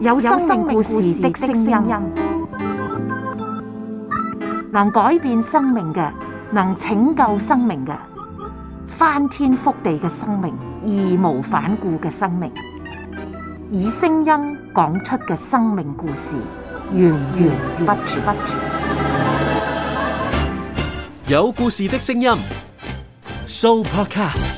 有生命故事的聲音，能改變生命嘅，能拯救生命嘅，翻天覆地嘅生命，義無反顧嘅生命，以聲音講出嘅生命故事，源源不絕。有故事的聲音，Soupercast。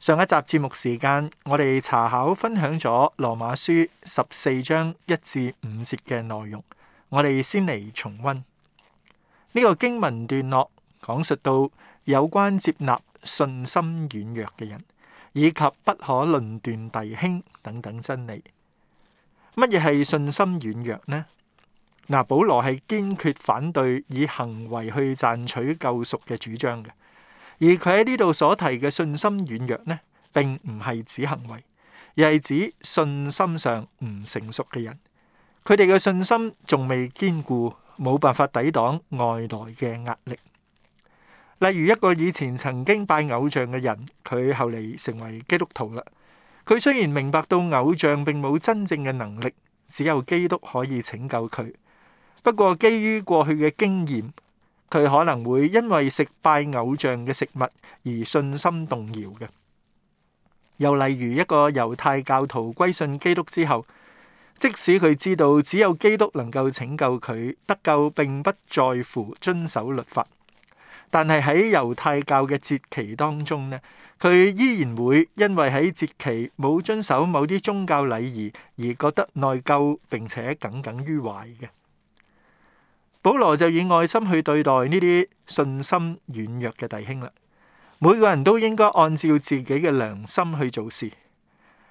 上一集節目時間，我哋查考分享咗羅馬書十四章一至五節嘅內容，我哋先嚟重溫呢個經文段落，講述到有關接納信心軟弱嘅人，以及不可論斷弟兄等等真理。乜嘢係信心軟弱呢？嗱，保羅係堅決反對以行為去賺取救贖嘅主張嘅。而佢喺呢度所提嘅信心軟弱呢，並唔係指行為，而係指信心上唔成熟嘅人。佢哋嘅信心仲未堅固，冇辦法抵擋外來嘅壓力。例如一個以前曾經拜偶像嘅人，佢後嚟成為基督徒啦。佢雖然明白到偶像並冇真正嘅能力，只有基督可以拯救佢。不過，基於過去嘅經驗，佢可能會因為食拜偶像嘅食物而信心動搖嘅，又例如一個猶太教徒歸信基督之後，即使佢知道只有基督能夠拯救佢，得救並不在乎遵守律法，但係喺猶太教嘅節期當中呢，佢依然會因為喺節期冇遵守某啲宗教禮儀而覺得內疚，並且耿耿於懷嘅。保羅就以愛心去對待呢啲信心軟弱嘅弟兄啦。每個人都應該按照自己嘅良心去做事。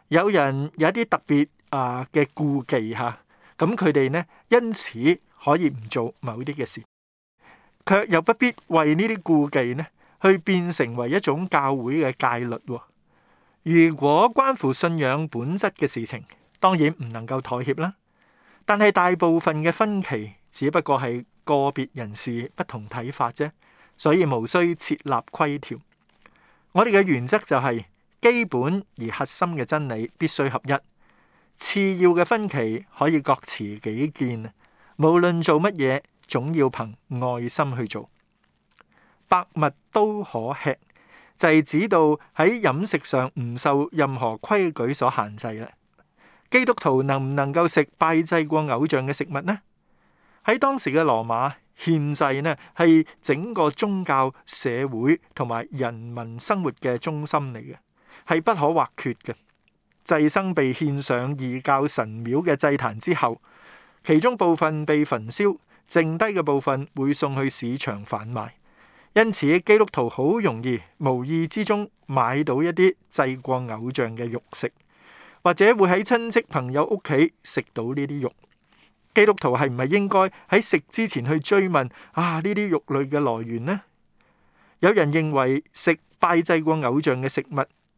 有人有一啲特別啊嘅顧忌吓，咁佢哋呢因此可以唔做某啲嘅事，卻又不必為呢啲顧忌呢去變成為一種教會嘅戒律。啊，如果關乎信仰本質嘅事情，當然唔能夠妥協啦。但係大部分嘅分歧。只不過係個別人士不同睇法啫，所以無需設立規條。我哋嘅原則就係基本而核心嘅真理必須合一，次要嘅分歧可以各持己見。無論做乜嘢，總要憑愛心去做。百物都可吃，就係指到喺飲食上唔受任何規矩所限制啦。基督徒能唔能夠食拜祭過偶像嘅食物呢？喺當時嘅羅馬，獻祭呢係整個宗教社會同埋人民生活嘅中心嚟嘅，係不可或缺嘅。祭牲被獻上異教神廟嘅祭壇之後，其中部分被焚燒，剩低嘅部分會送去市場販賣。因此，基督徒好容易無意之中買到一啲祭過偶像嘅肉食，或者會喺親戚朋友屋企食到呢啲肉。基督徒係唔係應該喺食之前去追問啊？呢啲肉類嘅來源呢？有人認為食拜祭過偶像嘅食物，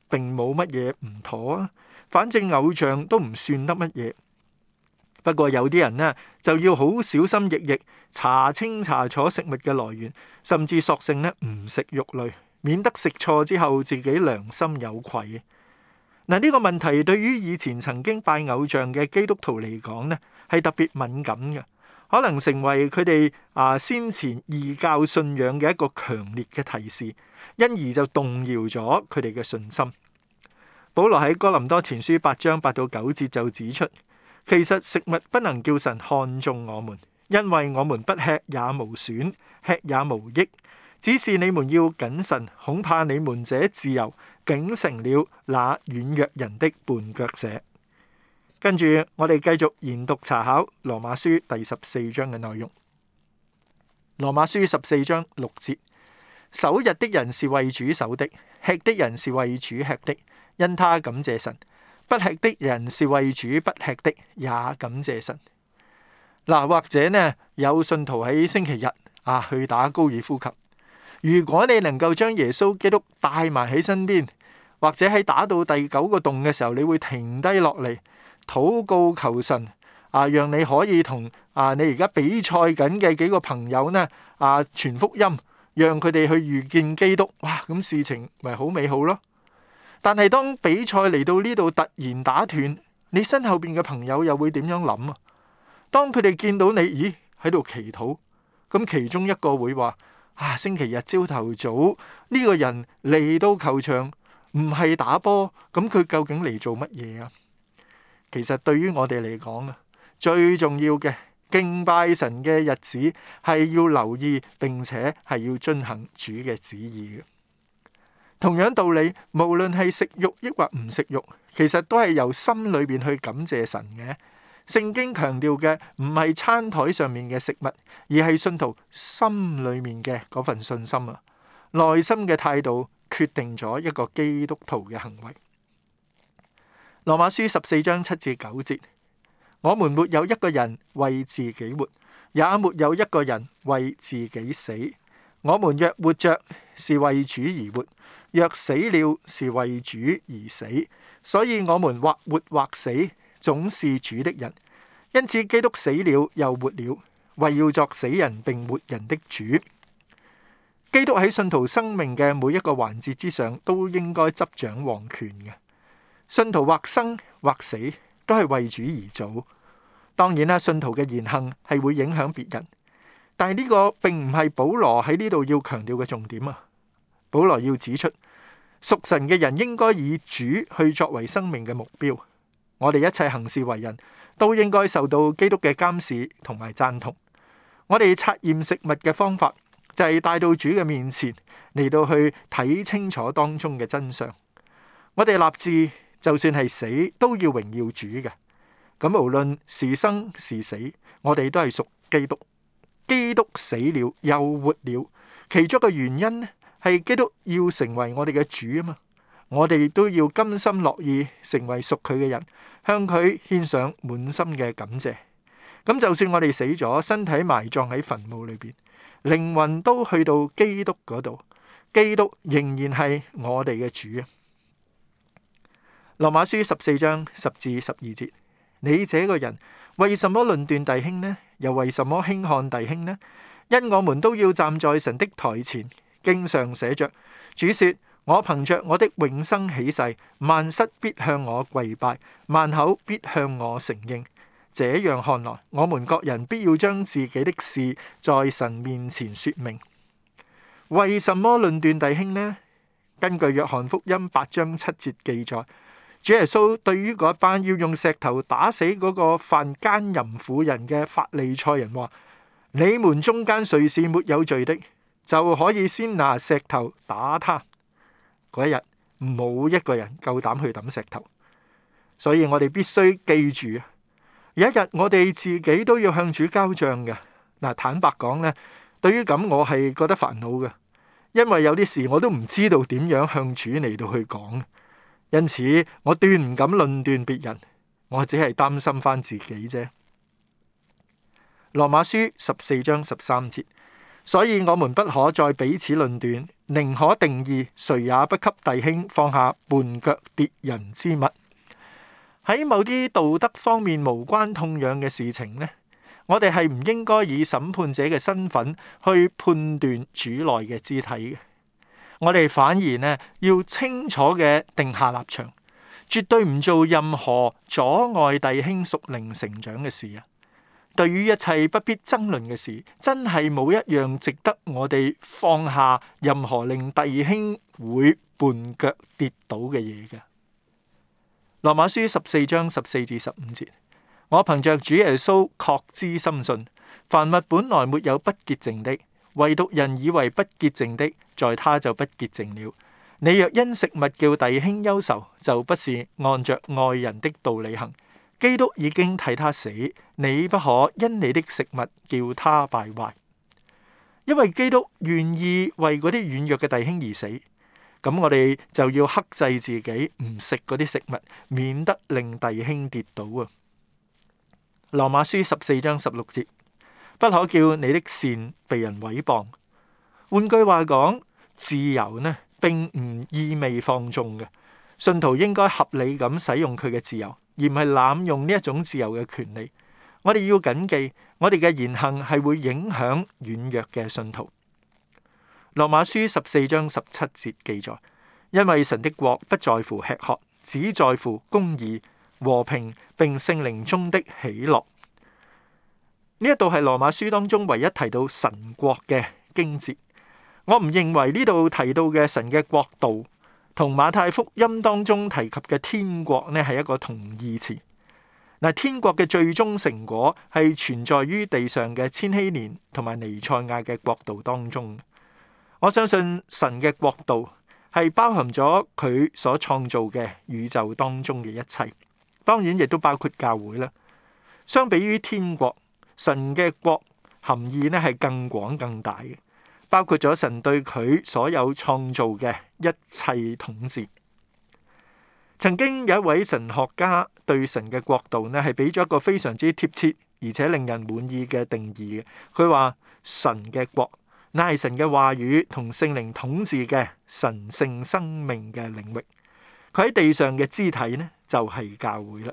並冇乜嘢唔妥啊。反正偶像都唔算得乜嘢。不過有啲人呢就要好小心翼翼，查清查楚食物嘅來源，甚至索性呢唔食肉類，免得食錯之後自己良心有愧。嗱、這、呢個問題對於以前曾經拜偶像嘅基督徒嚟講呢，係特別敏感嘅，可能成為佢哋啊先前異教信仰嘅一個強烈嘅提示，因而就動搖咗佢哋嘅信心。保羅喺哥林多前書八章八到九節就指出，其實食物不能叫神看中我們，因為我們不吃也無損，吃也無益。只是你們要謹慎，恐怕你們這自由竟成了那軟弱人的絆腳石。跟住，我哋繼續研讀查考《羅馬書》第十四章嘅內容。《羅馬書》十四章六節：守日的人是為主守的，吃的人是為主吃的，因他感謝神；不吃的人是為主不吃的，也感謝神。嗱、啊，或者呢有信徒喺星期日啊去打高爾夫球。如果你能夠將耶穌基督帶埋喺身邊，或者喺打到第九個洞嘅時候，你會停低落嚟。禱告求神啊，讓你可以同啊你而家比賽緊嘅幾個朋友呢啊傳福音，讓佢哋去遇見基督。哇，咁事情咪好美好咯。但係當比賽嚟到呢度突然打斷，你身後邊嘅朋友又會點樣諗啊？當佢哋見到你，咦喺度祈禱咁，其中一個會話啊，星期日朝頭早呢，呢個人嚟到球場唔係打波，咁，啊，佢究竟嚟做乜嘢啊？其實對於我哋嚟講啊，最重要嘅敬拜神嘅日子係要留意，並且係要遵行主嘅旨意嘅。同樣道理，無論係食肉抑或唔食肉，其實都係由心裏邊去感謝神嘅。聖經強調嘅唔係餐台上面嘅食物，而係信徒心裏面嘅嗰份信心啊。內心嘅態度決定咗一個基督徒嘅行為。羅馬書十四章七至九節：我們沒有一個人為自己活，也沒有一個人為自己死。我們若活着，是為主而活；若死了，是為主而死。所以，我們或活，活或死，總是主的人。因此，基督死了又活了，為要作死人並活人的主。基督喺信徒生命嘅每一個環節之上，都應該執掌王權嘅。信徒或生或死都係為主而做。當然啦，信徒嘅言行係會影響別人，但係呢個並唔係保羅喺呢度要強調嘅重點啊。保羅要指出，屬神嘅人應該以主去作為生命嘅目標。我哋一切行事為人，都應該受到基督嘅監視同埋贊同。我哋測驗食物嘅方法，就係帶到主嘅面前，嚟到去睇清楚當中嘅真相。我哋立志。就算係死都要榮耀主嘅，咁無論是生是死，我哋都係屬基督。基督死了又活了，其中嘅原因呢？係基督要成為我哋嘅主啊嘛！我哋都要甘心樂意成為屬佢嘅人，向佢獻上滿心嘅感謝。咁就算我哋死咗，身體埋葬喺墳墓裏邊，靈魂都去到基督嗰度，基督仍然係我哋嘅主啊！羅馬書十四章十至十二節，你這個人為什麼論斷弟兄呢？又為什麼輕看弟兄呢？因我們都要站在神的台前，經上寫着：主說，我憑着我的永生起誓，萬失必向我跪拜，萬口必向我承認。這樣看來，我們各人必要將自己的事在神面前說明。為什麼論斷弟兄呢？根據約翰福音八章七節記載。主耶穌對於嗰班要用石頭打死嗰個犯姦淫婦人嘅法利賽人話：你們中間誰是沒有罪的，就可以先拿石頭打他。嗰一日冇一個人夠膽去抌石頭，所以我哋必須記住，有一日我哋自己都要向主交賬嘅。嗱，坦白講咧，對於咁我係覺得煩惱嘅，因為有啲事我都唔知道點樣向主嚟到去講。因此，我斷唔敢論斷別人，我只係擔心翻自己啫。羅馬書十四章十三節，所以我們不可再彼此論斷，寧可定意，誰也不給弟兄放下絆腳跌人之物。喺某啲道德方面無關痛癢嘅事情呢，我哋係唔應該以審判者嘅身份去判斷主內嘅肢體嘅。我哋反而呢，要清楚嘅定下立場，絕對唔做任何阻礙弟兄屬靈成長嘅事啊！對於一切不必爭論嘅事，真係冇一樣值得我哋放下任何令弟兄會絆腳跌倒嘅嘢嘅。羅馬書十四章十四至十五節，我憑着主耶穌確知深信，凡物本來沒有不潔淨的。唯獨人以為不潔淨的，在他就不潔淨了。你若因食物叫弟兄憂愁，就不是按着愛人的道理行。基督已經替他死，你不可因你的食物叫他敗壞。因為基督願意為嗰啲軟弱嘅弟兄而死，咁我哋就要克制自己，唔食嗰啲食物，免得令弟兄跌倒啊。羅馬書十四章十六節。不可叫你的善被人毀謗。換句話講，自由呢，並唔意味放縱嘅。信徒應該合理咁使用佢嘅自由，而唔係濫用呢一種自由嘅權利。我哋要謹記，我哋嘅言行係會影響軟弱嘅信徒。羅馬書十四章十七節記載：因為神的國不在乎吃喝，只在乎公義、和平，並聖靈中的喜樂。呢一度係羅馬書當中唯一提到神國嘅經節，我唔認為呢度提到嘅神嘅國度同馬太福音當中提及嘅天國咧係一個同義詞。嗱，天國嘅最終成果係存在於地上嘅千禧年同埋彌賽亞嘅國度當中。我相信神嘅國度係包含咗佢所創造嘅宇宙當中嘅一切，當然亦都包括教會啦。相比於天國。神嘅國含義咧係更廣更大嘅，包括咗神對佢所有創造嘅一切統治。曾經有一位神學家對神嘅國度呢係俾咗一個非常之貼切而且令人滿意嘅定義嘅。佢話，神嘅國乃係神嘅話語同聖靈統治嘅神聖生命嘅領域。佢喺地上嘅肢體呢，就係教會啦。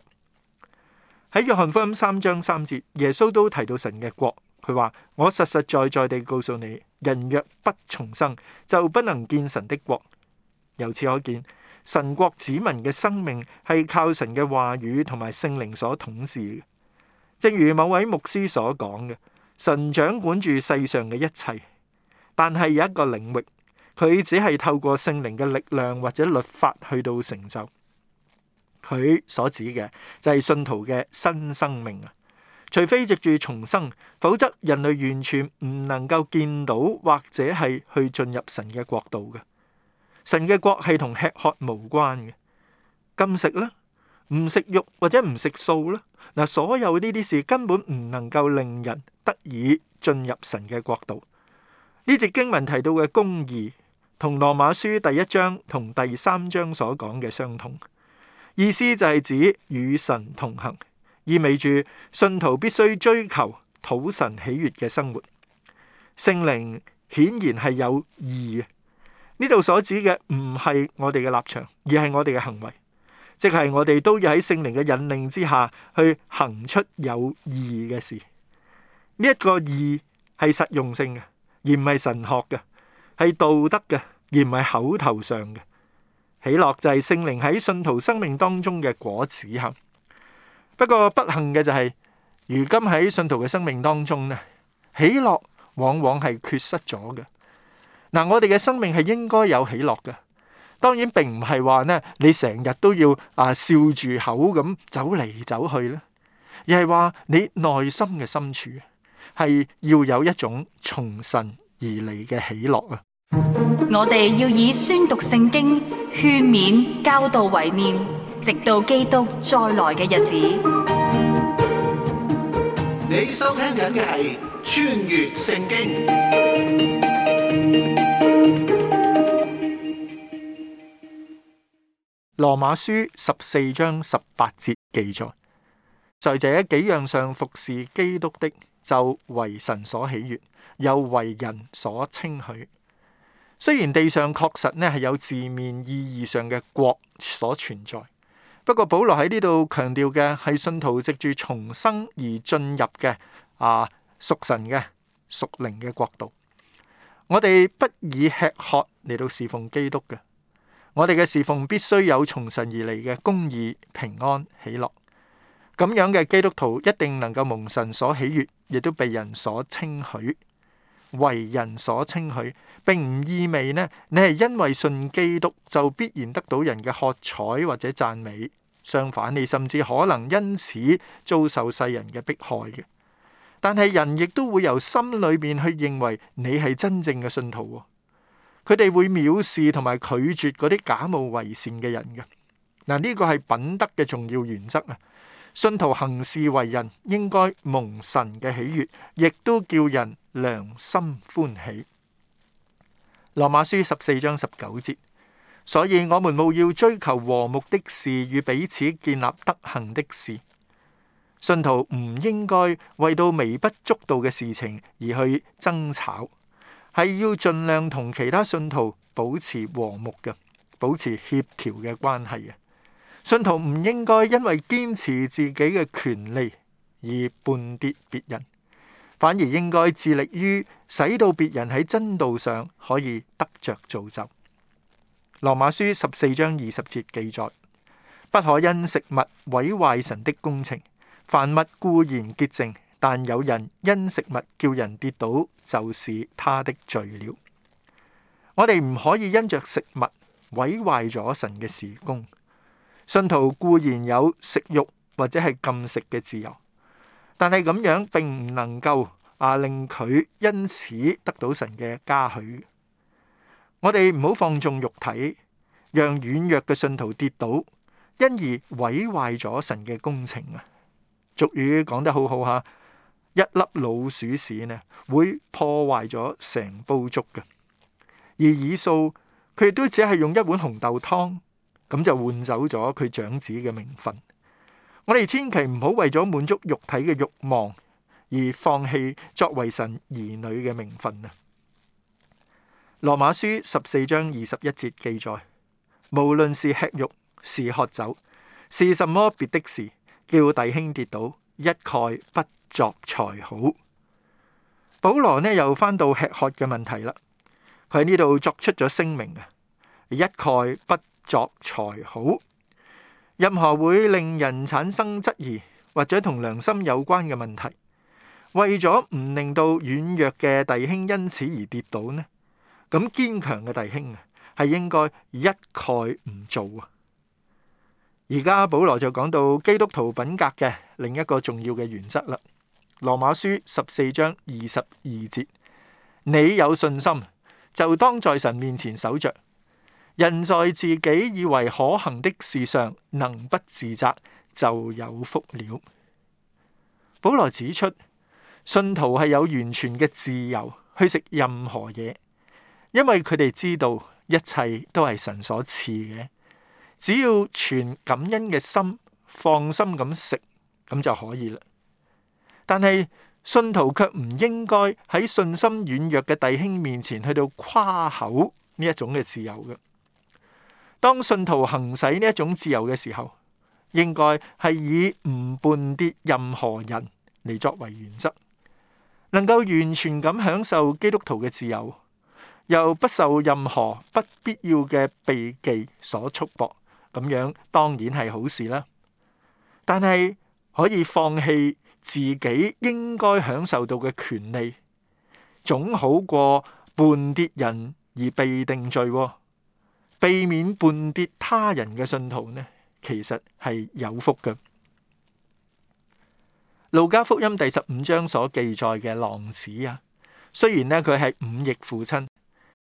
喺約翰福音三章三節，耶穌都提到神嘅國，佢話：我實實在在地告訴你，人若不重生，就不能見神的國。由此可見，神國子民嘅生命係靠神嘅話語同埋聖靈所統治嘅。正如某位牧師所講嘅，神掌管住世上嘅一切，但係有一個領域，佢只係透過聖靈嘅力量或者律法去到成就。佢所指嘅就係信徒嘅新生命啊，除非藉住重生，否則人類完全唔能夠見到或者係去進入神嘅國度嘅。神嘅國係同吃喝無關嘅，禁食啦，唔食肉或者唔食素啦，嗱，所有呢啲事根本唔能夠令人得以進入神嘅國度。呢節經文提到嘅公義同羅馬書第一章同第三章所講嘅相同。意思就係指與神同行，意味住信徒必須追求討神喜悅嘅生活。聖靈顯然係有意嘅，呢度所指嘅唔係我哋嘅立場，而係我哋嘅行為，即係我哋都要喺聖靈嘅引領之下去行出有義嘅事。呢、這、一個義係實用性嘅，而唔係神學嘅，係道德嘅，而唔係口頭上嘅。喜樂就係聖靈喺信徒生命當中嘅果子哈，不過不幸嘅就係，如今喺信徒嘅生命當中咧，喜樂往往係缺失咗嘅。嗱，我哋嘅生命係應該有喜樂嘅，當然並唔係話咧，你成日都要啊笑住口咁走嚟走去咧，而係話你內心嘅深處係要有一種從神而嚟嘅喜樂啊。我哋要以宣讀聖經勸勉教導為念，直到基督再來嘅日子。你收聽緊嘅係穿越聖經羅馬書十四章十八節記載，在這幾樣上服侍基督的，就為神所喜悦，又為人所稱許。雖然地上確實咧係有字面意義上嘅國所存在，不過保羅喺呢度強調嘅，係信徒藉住重生而進入嘅啊屬神嘅屬靈嘅國度。我哋不以吃喝嚟，到侍奉基督嘅，我哋嘅侍奉必須有從神而嚟嘅公義、平安、喜樂。咁樣嘅基督徒一定能夠蒙神所喜悅，亦都被人所稱許，為人所稱許。並唔意味呢，你係因為信基督就必然得到人嘅喝彩或者讚美。相反，你甚至可能因此遭受世人嘅迫害嘅。但係人亦都會由心裏面去認為你係真正嘅信徒、哦。佢哋會藐視同埋拒絕嗰啲假冒為善嘅人嘅嗱。呢、這個係品德嘅重要原則啊！信徒行事為人應該蒙神嘅喜悦，亦都叫人良心歡喜。羅馬書十四章十九節，所以我們務要追求和睦的事與彼此建立德行的事。信徒唔應該為到微不足道嘅事情而去爭吵，係要盡量同其他信徒保持和睦嘅，保持協調嘅關係嘅。信徒唔應該因為堅持自己嘅權利而絆跌別人，反而應該致力於。使到別人喺真道上可以得着造就。羅馬書十四章二十節記載：不可因食物毀壞神的工程。凡物固然潔淨，但有人因食物叫人跌倒，就是他的罪了。我哋唔可以因着食物毀壞咗神嘅事工。信徒固然有食肉或者係禁食嘅自由，但係咁樣並唔能夠。啊！令佢因此得到神嘅嘉許，我哋唔好放縱肉體，讓軟弱嘅信徒跌倒，因而毀壞咗神嘅工程啊！俗語講得好好吓，一粒老鼠屎呢，會破壞咗成煲粥嘅。而以掃佢亦都只係用一碗紅豆湯，咁就換走咗佢長子嘅名分。我哋千祈唔好為咗滿足肉體嘅欲望。而放棄作為神兒女嘅名分啊。羅馬書十四章二十一節記載，無論是吃肉、是喝酒、是什麼別的事，叫弟兄跌倒，一概不作才好。保羅呢又返到吃喝嘅問題啦，佢喺呢度作出咗聲明啊，一概不作才好。任何會令人產生質疑或者同良心有關嘅問題。為咗唔令到軟弱嘅弟兄因此而跌倒呢？咁堅強嘅弟兄啊，係應該一概唔做啊。而家保羅就講到基督徒品格嘅另一個重要嘅原則啦，《羅馬書》十四章二十二節：你有信心就當在神面前守着；人在自己以為可行的事上能不自責，就有福了。保羅指出。信徒係有完全嘅自由去食任何嘢，因為佢哋知道一切都係神所賜嘅，只要全感恩嘅心，放心咁食咁就可以啦。但係信徒卻唔應該喺信心軟弱嘅弟兄面前去到誇口呢一種嘅自由嘅。當信徒行使呢一種自由嘅時候，應該係以唔絆跌任何人嚟作為原則。能夠完全咁享受基督徒嘅自由，又不受任何不必要嘅避忌所束縛，咁樣當然係好事啦。但係可以放棄自己應該享受到嘅權利，總好過絆跌人而被定罪喎。避免絆跌他人嘅信徒呢，其實係有福嘅。路加福音第十五章所記載嘅浪子啊，雖然呢，佢係忤逆父親，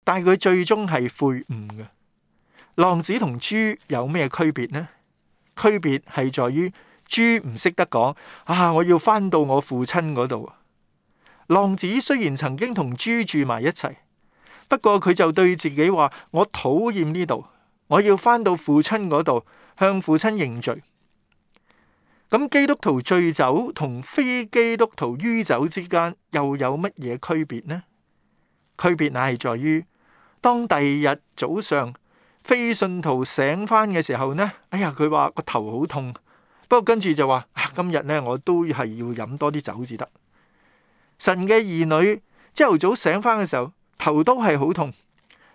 但係佢最終係悔悟嘅。浪子同豬有咩區別呢？區別係在於豬唔識得講啊，我要翻到我父親嗰度。浪子雖然曾經同豬住埋一齊，不過佢就對自己話：我討厭呢度，我要翻到父親嗰度向父親認罪。咁基督徒醉酒同非基督徒酗酒之間又有乜嘢區別呢？區別乃係在於，當第二日早上非信徒醒翻嘅時候呢？哎呀，佢話個頭好痛，不過跟住就話啊，今日呢我都係要飲多啲酒至得。神嘅兒女朝頭早醒翻嘅時候，頭都係好痛，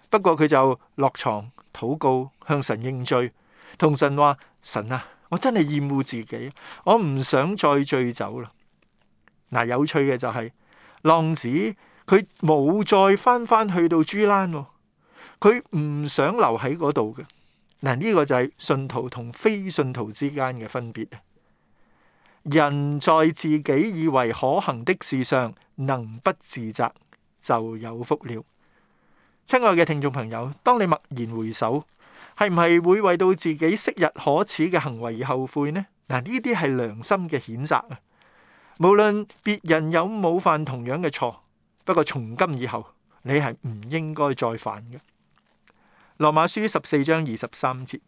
不過佢就落床禱告向神認罪，同神話神啊。我真係厭惡自己，我唔想再醉酒啦。嗱、啊，有趣嘅就係、是、浪子佢冇再返返去到豬欄咯，佢唔想留喺嗰度嘅。嗱、啊，呢、這個就係信徒同非信徒之間嘅分別。人在自己以為可行的事上，能不自責，就有福了。親愛嘅聽眾朋友，當你默然回首。係唔係會為到自己昔日可恥嘅行為而後悔呢？嗱，呢啲係良心嘅譴責啊！無論別人有冇犯同樣嘅錯，不過從今以後你係唔應該再犯嘅。羅馬書十四章二十三節：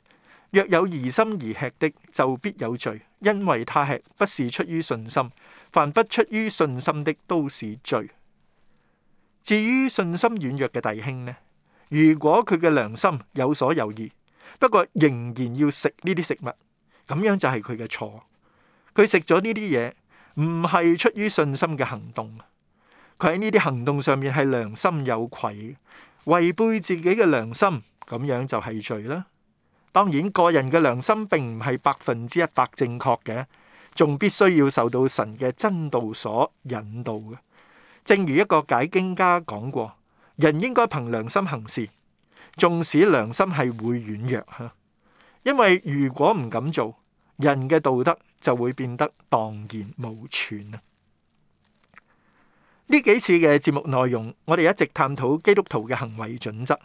若有疑心而吃的，就必有罪，因為他吃不是出於信心。凡不出於信心的，都是罪。至於信心軟弱嘅弟兄呢？如果佢嘅良心有所猶豫。不過仍然要食呢啲食物，咁樣就係佢嘅錯。佢食咗呢啲嘢，唔係出於信心嘅行動，佢喺呢啲行動上面係良心有愧，違背自己嘅良心，咁樣就係罪啦。當然，個人嘅良心並唔係百分之一百正確嘅，仲必須要受到神嘅真道所引導嘅。正如一個解經家講過，人應該憑良心行事。縱使良心係會軟弱吓，因為如果唔敢做，人嘅道德就會變得蕩然無存啊！呢幾次嘅節目內容，我哋一直探討基督徒嘅行為準則。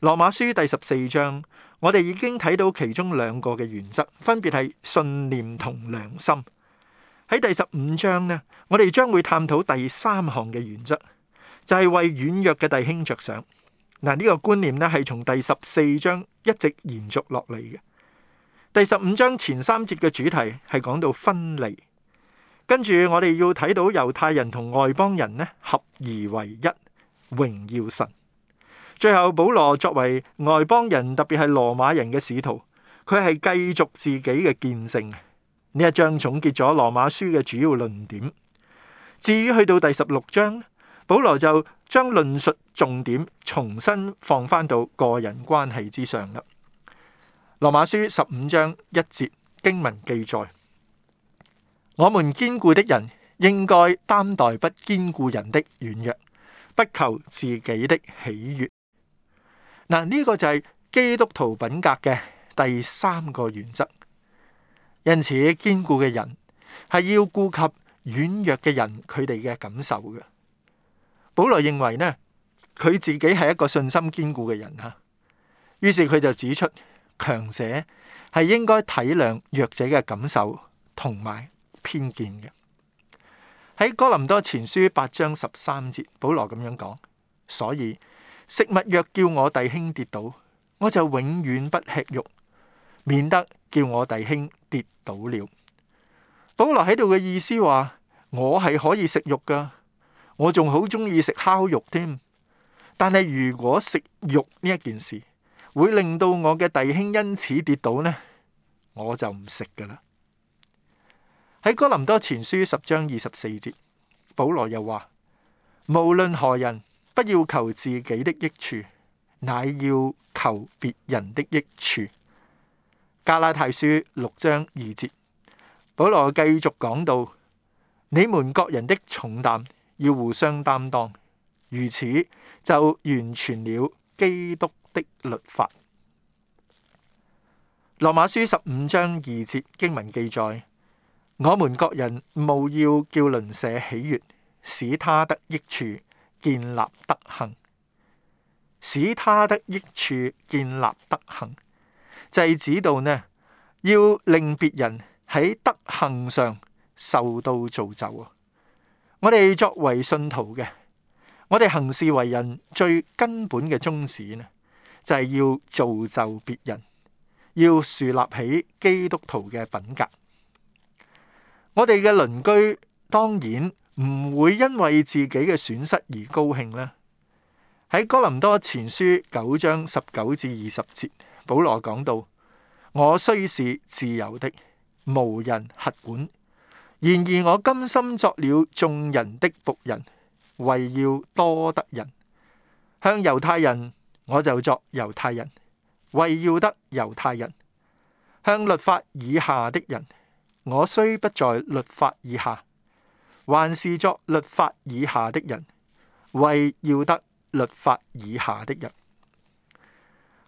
羅馬書第十四章，我哋已經睇到其中兩個嘅原則，分別係信念同良心。喺第十五章呢，我哋將會探討第三項嘅原則，就係為軟弱嘅弟兄着想。嗱，呢個觀念咧係從第十四章一直延續落嚟嘅。第十五章前三節嘅主題係講到分離，跟住我哋要睇到猶太人同外邦人咧合而為一，榮耀神。最後保羅作為外邦人，特別係羅馬人嘅使徒，佢係繼續自己嘅見證。呢一章總結咗羅馬書嘅主要論點。至於去到第十六章。保羅就將論述重點重新放翻到個人關係之上啦。羅馬書十五章一節經文記載：「我們堅固的人應該擔待不堅固人的軟弱，不求自己的喜悦。嗱，呢個就係基督徒品格嘅第三個原則。因此，堅固嘅人係要顧及軟弱嘅人，佢哋嘅感受嘅。保羅認為呢，佢自己係一個信心堅固嘅人吓，於是佢就指出，強者係應該體諒弱者嘅感受同埋偏見嘅。喺哥林多前書八章十三節，保羅咁樣講，所以食物若叫我弟兄跌倒，我就永遠不吃肉，免得叫我弟兄跌倒了。保羅喺度嘅意思話，我係可以食肉㗎。我仲好中意食烤肉添，但係如果食肉呢一件事會令到我嘅弟兄因此跌倒呢，我就唔食噶啦。喺哥林多前書十章二十四節，保羅又話：無論何人，不要求自己的益處，乃要求別人的益處。加拉太書六章二節，保羅繼續講到：你們各人的重擔。要互相擔當，如此就完全了基督的律法。羅馬書十五章二節經文記載：我們各人務要叫鄰舍喜悦，使他得益處，建立德行；使他得益處，建立德行。就係指到呢，要令別人喺德行上受到造就啊！我哋作為信徒嘅，我哋行事為人最根本嘅宗旨呢，就係要造就別人，要樹立起基督徒嘅品格。我哋嘅鄰居當然唔會因為自己嘅損失而高興啦。喺哥林多前書九章十九至二十節，保羅講到：我雖是自由的，無人轄管。然而我甘心作了眾人的僕人，為要多得人；向猶太人，我就作猶太人，為要得猶太人；向律法以下的人，我雖不在律法以下，還是作律法以下的人，為要得律法以下的人。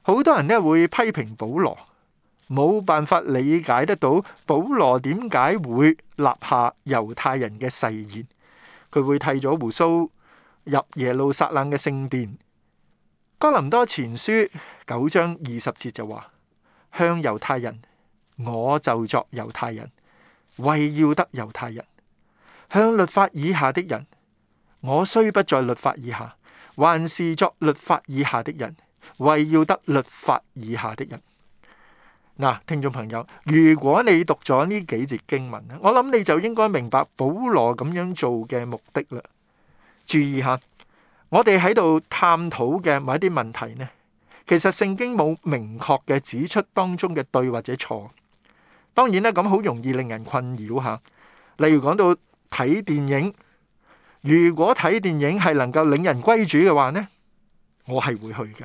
好多人呢，會批評保羅。冇辦法理解得到保羅點解會立下猶太人嘅誓言，佢會剃咗鬍鬚入耶路撒冷嘅聖殿。哥林多前書九章二十節就話：向猶太人，我就作猶太人，為要得猶太人；向律法以下的人，我雖不在律法以下，還是作律法以下的人，為要得律法以下的人。嗱，聽眾朋友，如果你讀咗呢幾節經文，我諗你就應該明白保羅咁樣做嘅目的啦。注意下，我哋喺度探討嘅某一啲問題呢，其實聖經冇明確嘅指出當中嘅對或者錯。當然啦，咁好容易令人困擾吓。例如講到睇電影，如果睇電影係能夠領人歸主嘅話呢，我係會去嘅。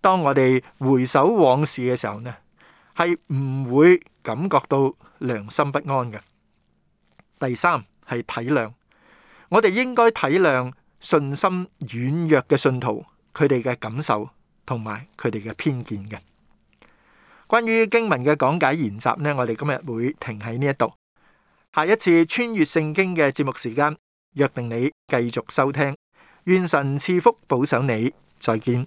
當我哋回首往事嘅時候呢，係唔會感覺到良心不安嘅。第三係體諒，我哋應該體諒信心軟弱嘅信徒佢哋嘅感受同埋佢哋嘅偏見嘅。關於經文嘅講解研習呢，我哋今日會停喺呢一度。下一次穿越聖經嘅節目時間，約定你繼續收聽。願神賜福保守你，再見。